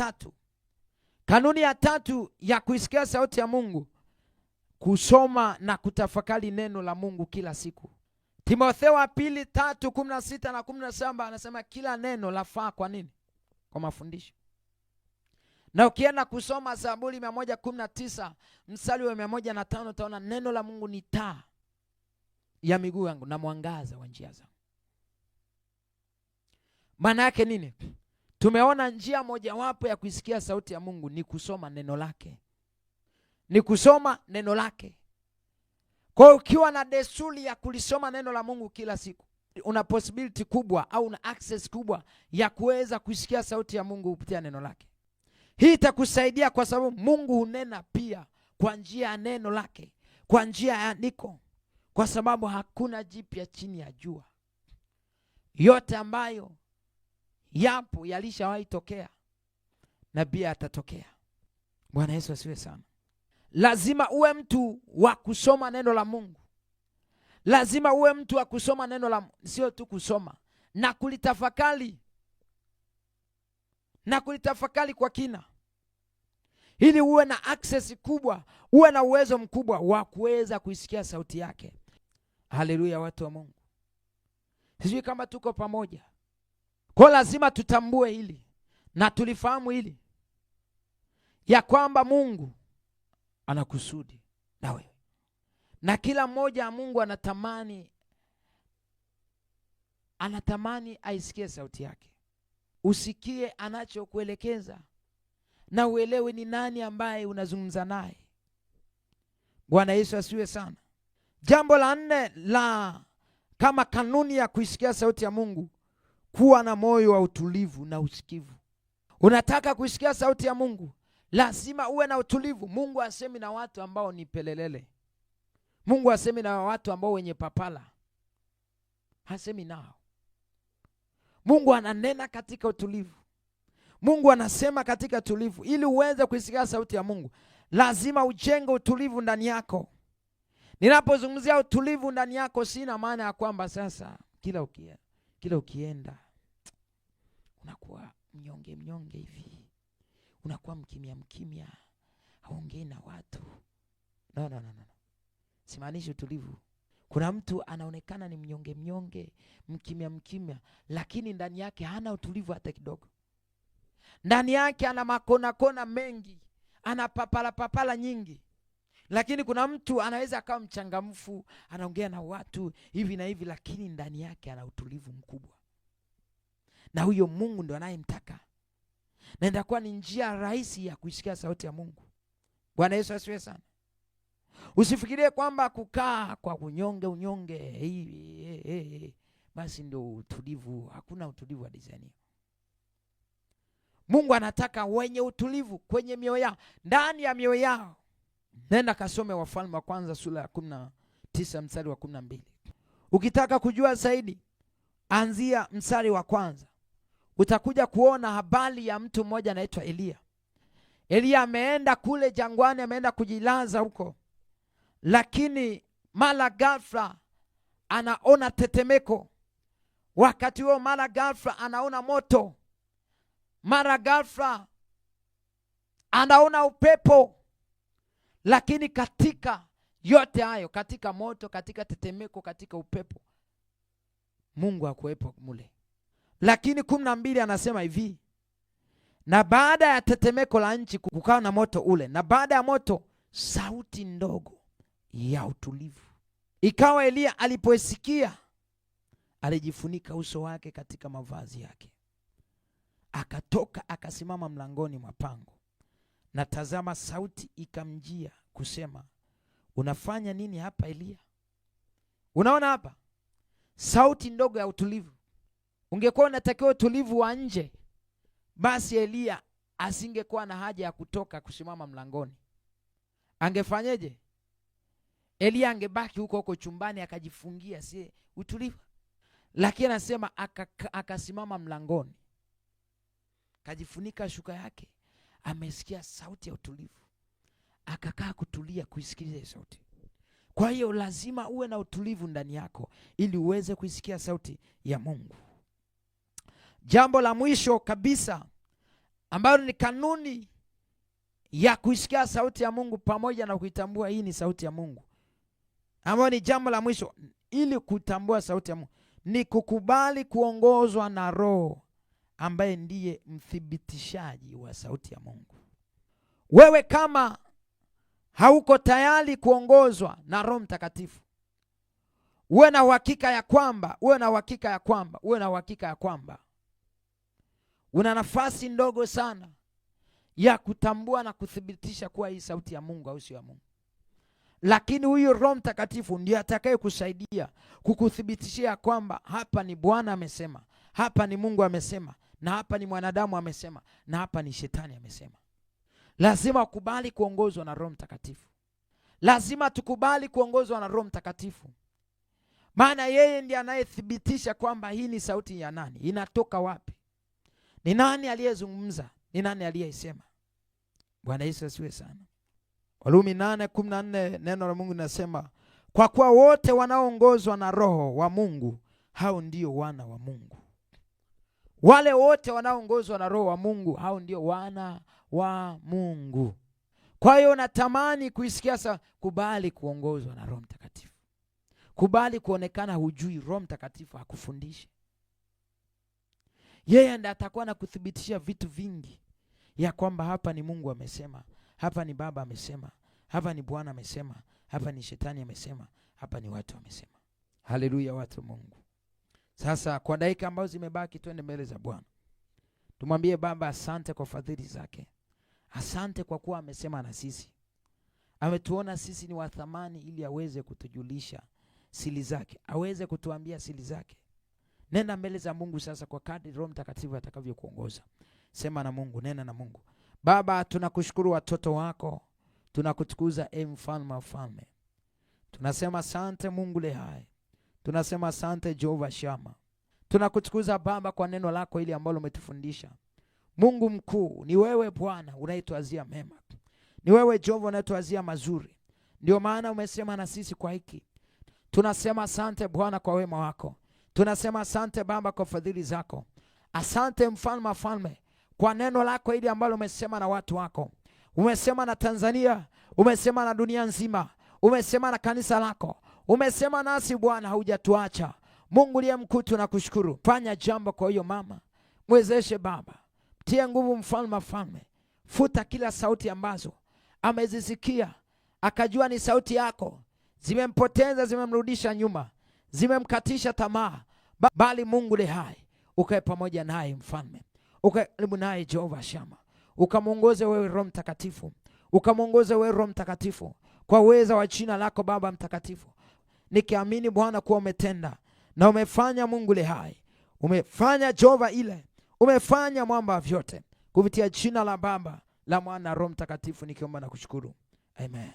tatu. Kanuni ya tatu ya kuisikia sauti ya Mungu, kusoma na kutafakari neno la Mungu kila siku. Timotheo wa pili tatu kumi na sita na kumi na saba anasema kila neno lafaa kwa nini? Kwa mafundisho. Na ukienda kusoma Zaburi mia moja kumi na tisa mstari wa mia moja na tano utaona neno la Mungu ni taa ya miguu yangu na mwangaza wa njia zangu. Maana yake nini? Tumeona njia mojawapo ya kuisikia sauti ya Mungu ni kusoma neno lake, ni kusoma neno lake. Kwa hiyo ukiwa na desturi ya kulisoma neno la Mungu kila siku, una possibility kubwa au una access kubwa ya kuweza kuisikia sauti ya Mungu kupitia neno lake. Hii itakusaidia kwa sababu Mungu hunena pia kwa njia ya neno lake, kwa njia ya andiko, kwa sababu hakuna jipya chini ya jua. Yote ambayo yapo, yalishawahi tokea na pia atatokea. Bwana Yesu asiwe sana. Lazima uwe mtu wa kusoma neno la Mungu, lazima uwe mtu wa kusoma neno la sio tu kusoma na kulitafakari na kulitafakari kwa kina, ili uwe na access kubwa, uwe na uwezo mkubwa wa kuweza kuisikia sauti yake. Haleluya, watu wa Mungu, sijui kama tuko pamoja. Kwa lazima tutambue hili na tulifahamu hili ya kwamba Mungu ana kusudi na wewe, na kila mmoja Mungu anatamani anatamani aisikie sauti yake, usikie anachokuelekeza na uelewe ni nani ambaye unazungumza naye. Bwana Yesu asiwe sana. Jambo la nne la kama kanuni ya kuisikia sauti ya Mungu kuwa na moyo wa utulivu na usikivu. Unataka kusikia sauti ya Mungu, lazima uwe na utulivu. Mungu asemi na watu ambao ni pelelele. Mungu asemi na watu ambao wenye papala, hasemi nao. Mungu ananena katika utulivu. Mungu anasema katika utulivu. Ili uweze kuisikia sauti ya Mungu, lazima ujenge utulivu ndani yako. Ninapozungumzia utulivu ndani yako, sina maana ya kwamba sasa kila ukienda kila ukienda unakuwa mnyonge mnyonge hivi, unakuwa mkimya mkimya, haongei na watu. No, no, no, no. Simaanishi utulivu. Kuna mtu anaonekana ni mnyonge mnyonge, mkimya mkimya, lakini ndani yake hana utulivu hata kidogo. Ndani yake ana makona kona mengi, ana papala papala nyingi lakini kuna mtu anaweza akawa mchangamfu, anaongea na watu hivi na hivi, lakini ndani yake ana utulivu mkubwa, na huyo Mungu ndo anayemtaka, na itakuwa ni njia rahisi ya kuisikia sauti ya Mungu. Bwana Yesu asifiwe sana. Usifikirie kwamba kukaa kwa kunyonge unyonge hivi hey, hey, hey, basi ndio utulivu. Hakuna utulivu wa dizaini. Mungu anataka wenye utulivu kwenye mioyo yao, ndani ya mioyo yao Nenda kasome Wafalme wa kwanza sura ya kumi na tisa mstari wa kumi na mbili. Ukitaka kujua zaidi, anzia mstari wa kwanza, utakuja kuona habari ya mtu mmoja anaitwa Eliya. Eliya ameenda kule jangwani, ameenda kujilaza huko, lakini mara ghafla anaona tetemeko. Wakati huo mara ghafla anaona moto, mara ghafla anaona upepo lakini katika yote hayo, katika moto, katika tetemeko, katika upepo, Mungu hakuwepo mule. Lakini kumi na mbili anasema hivi, na baada ya tetemeko la nchi kukawa na moto ule, na baada ya moto sauti ndogo ya utulivu. Ikawa Eliya alipoisikia alijifunika uso wake katika mavazi yake, akatoka akasimama mlangoni mwa pango, na tazama, sauti ikamjia kusema unafanya nini hapa Eliya? Unaona hapa sauti ndogo ya utulivu. Ungekuwa unatakiwa utulivu wa nje, basi Eliya asingekuwa na haja ya kutoka kusimama mlangoni. Angefanyeje? Eliya angebaki huko huko chumbani akajifungia, si utulivu. Lakini anasema akasimama mlangoni, kajifunika shuka yake, amesikia sauti ya utulivu akakaa kutulia kuisikiliza sauti. Kwa hiyo lazima uwe na utulivu ndani yako ili uweze kuisikia sauti ya Mungu. Jambo la mwisho kabisa ambalo ni kanuni ya kuisikia sauti ya Mungu pamoja na kuitambua hii ni sauti ya Mungu, ambayo ni jambo la mwisho ili kutambua sauti ya Mungu ni kukubali kuongozwa na Roho ambaye ndiye mthibitishaji wa sauti ya Mungu. Wewe kama hauko tayari kuongozwa na Roho Mtakatifu, uwe na uhakika ya kwamba, uwe na uhakika ya kwamba, uwe na uhakika ya kwamba una nafasi ndogo sana ya kutambua na kuthibitisha kuwa hii sauti ya Mungu au sio ya Mungu, lakini huyu Roho Mtakatifu ndiye atakaye kusaidia kukuthibitishia kwamba hapa ni Bwana amesema, hapa ni Mungu amesema, na hapa ni mwanadamu amesema, na hapa ni shetani amesema. Lazima ukubali kuongozwa na Roho Mtakatifu. Lazima tukubali kuongozwa na Roho Mtakatifu, maana yeye ndiye anayethibitisha kwamba hii ni sauti ya nani, inatoka wapi, ni nani aliyezungumza, ni nani aliyeisema. Bwana Yesu asiwe sana. Warumi 8:14 neno la Mungu linasema kwa kuwa wote wanaoongozwa na Roho wa Mungu hao ndio wana wa Mungu. Wale wote wanaoongozwa na Roho wa Mungu, hao ndio wana wa Mungu. Kwa hiyo natamani kuisikia sasa, kubali kuongozwa na Roho Mtakatifu, kubali kuonekana hujui. Roho Mtakatifu akufundishe, yeye ndiye atakuwa na kuthibitisha vitu vingi, ya kwamba hapa ni Mungu amesema, hapa ni Baba amesema, hapa ni Bwana amesema, hapa ni Shetani amesema, hapa ni watu amesema. Haleluya, watu wa Mungu. Sasa kwa dakika ambazo zimebaki, twende mbele za Bwana tumwambie Baba asante kwa fadhili zake, asante kwa kuwa amesema na sisi, ametuona sisi ni wa thamani, ili aweze kutujulisha siri zake, aweze kutuambia siri zake. Nenda mbele za Mungu sasa kwa kadri Roho Mtakatifu atakavyokuongoza. Sema na Mungu, nena na Mungu. Baba, tunakushukuru watoto wako, tunakutukuza e mfalme wa falme, tunasema asante Mungu le hai Tunasema asante Jehova Shama, tunakutukuza Baba kwa neno lako hili ambalo umetufundisha. Mungu mkuu, ni wewe Bwana unayetuazia mema, ni wewe Jehova unayetuazia mazuri. Ndio maana umesema na sisi kwa hiki. Tunasema asante Bwana kwa wema wako, tunasema asante Baba kwa fadhili zako. Asante mfalme wa falme kwa neno lako hili ambalo umesema na watu wako, umesema na Tanzania, umesema na dunia nzima, umesema na kanisa lako Umesema nasi Bwana, haujatuacha. Mungu liye mkuu, tunakushukuru. Fanya jambo kwa hiyo mama, mwezeshe baba, mtie nguvu mfalme mfalme, falme. Futa kila sauti ambazo amezisikia akajua ni sauti yako, zimempoteza, zimemrudisha nyuma, zimemkatisha tamaa, bali Mungu le hai ukae pamoja naye, mfalme ukae karibu naye, Jehova Shama, ukamwongoze wewe Roho Mtakatifu, ukamwongoze wewe Roho Mtakatifu, kwa uweza wa jina lako Baba mtakatifu nikiamini Bwana kuwa umetenda na umefanya Mungu le hai, umefanya Jova ile, umefanya mwamba vyote, kupitia jina la Baba, la Mwana, Roho Mtakatifu, nikiomba na kushukuru amen.